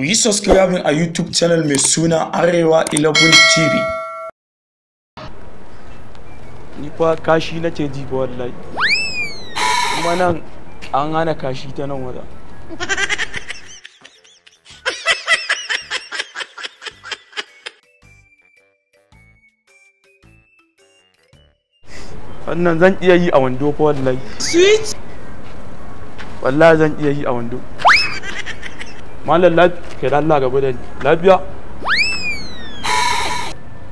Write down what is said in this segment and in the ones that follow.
ku yi subscribing a YouTube channel mai suna Arewa 11 TV. Ni fa kashi na ce jifa wallahi. Kuma nan an hana kashi ta nan wata. Wannan zan iya yi a wando fa wallahi. Switch! Wallahi zan iya yi a wando. malam lafiya ke da Allah gaba da ni lafiya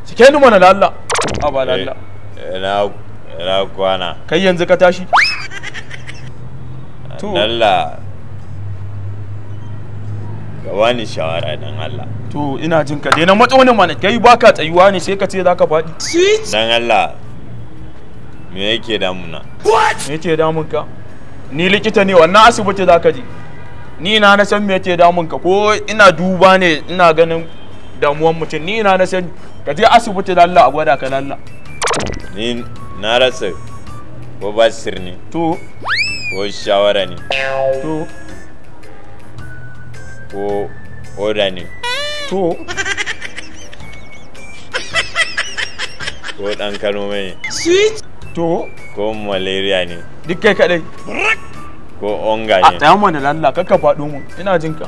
cike ni mana da Allah a ba da Allah eh, ina ina kwana kai yanzu ka tashi to Allah ka wani shawara dan Allah to ina jin ka dai na matsonin mana kai baka tsayuwa ne sai ka ce zaka faɗi dan Allah me yake damuna me yake damunka ni likita ne wannan asibiti zaka je ni na na san me yake damun ka ko ina duba ne ina ganin damuwan mutum ni na na san ka je asibiti lalla a gwada ka lalla ni na rasa ko ba sirni to ko shawara ne to ko oda ne to ko dan kalmomi ne to ko malaria ne duk kai kadai ko onga ne a yamma da lalla kakka faɗo mu ina jin ka.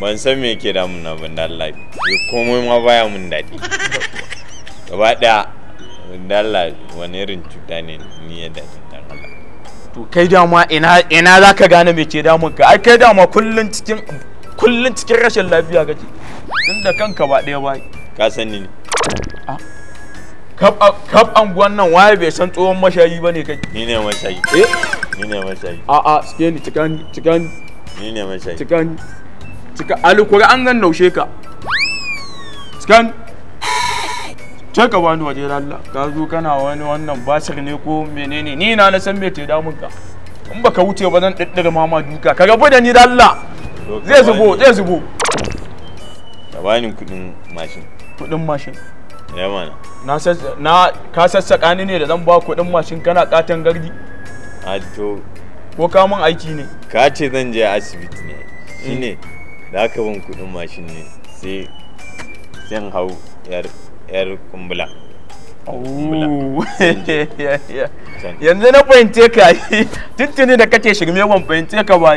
ban san me ke damun na ban dalla ya komai ma baya mun daɗi gaba ɗaya dalla wani irin cuta ne ni ya daɗi dan Allah to kai dama ina ina za ka gane me ke damun ka ai kai dama kullun cikin kullun cikin rashin lafiya kake tunda kanka ba ɗaya ba ka sani ne ah. kaf anguwan nan waye bai san tsohon mashayi ba ne kai ni ne mashayi eh ni ne mashayi a a suke ni cikan cikan ni ne mashayi cikan cikan alukuri an gan naushe ka cikan ce ka bani waje lalla ka zo kana wani wannan basir ne ko menene ni na na san me te damun ka in baka wuce ba zan daddare mama duka ka rabu da ni lalla zai zubo zai zubo ka bani kudin mashin kudin mashin ya na ka sassaƙa ni ne da zan ba kuɗin mashin kana katon gardi a to ko ka mun aiki ne ka ce zan je asibiti ne shi mm. ne da aka bin kuɗin mashin ne sai zan hau yar kumbula yanzu na fahimce ka yi tuntuni da kace shirme ban fahimce ka ba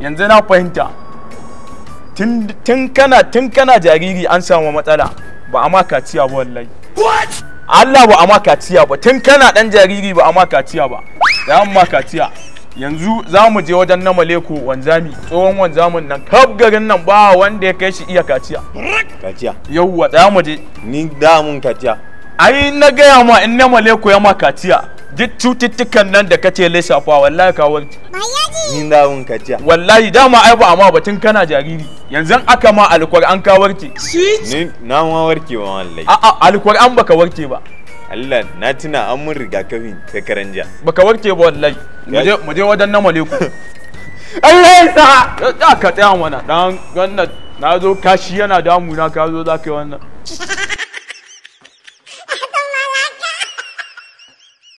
yanzu na fahimta tun kana tun kana jariri an samu matsala ba a ma kaciya ba wallahi Allah ba a ma kaciya ba tun kana dan jariri ba a ma kaciya ba Ya mu ma kaciya yanzu za mu je wajen na maleko wanzami tsohon wanzamin nan kaf garin nan ba wanda ya kai shi iya kaciya kaciya yauwa za mu je ni da mun kaciya ai na gaya ma in na maleko ya ma kaciya duk cututtukan nan da kace lissafa wallahi ka warke ni na mun kaciya wallahi dama ai ba amma batun kana jariri yanzu aka ma alqur'an ka warke ni na ma warke ba wallahi a'a alqur'an baka warke ba Allah na tuna an mun rigakafin ta karanja baka warke ba wallahi mu je wajen na maleku Allah ya sa ka tsaya mana dan wannan na zo kashi yana damuna ka zo za ka yi wannan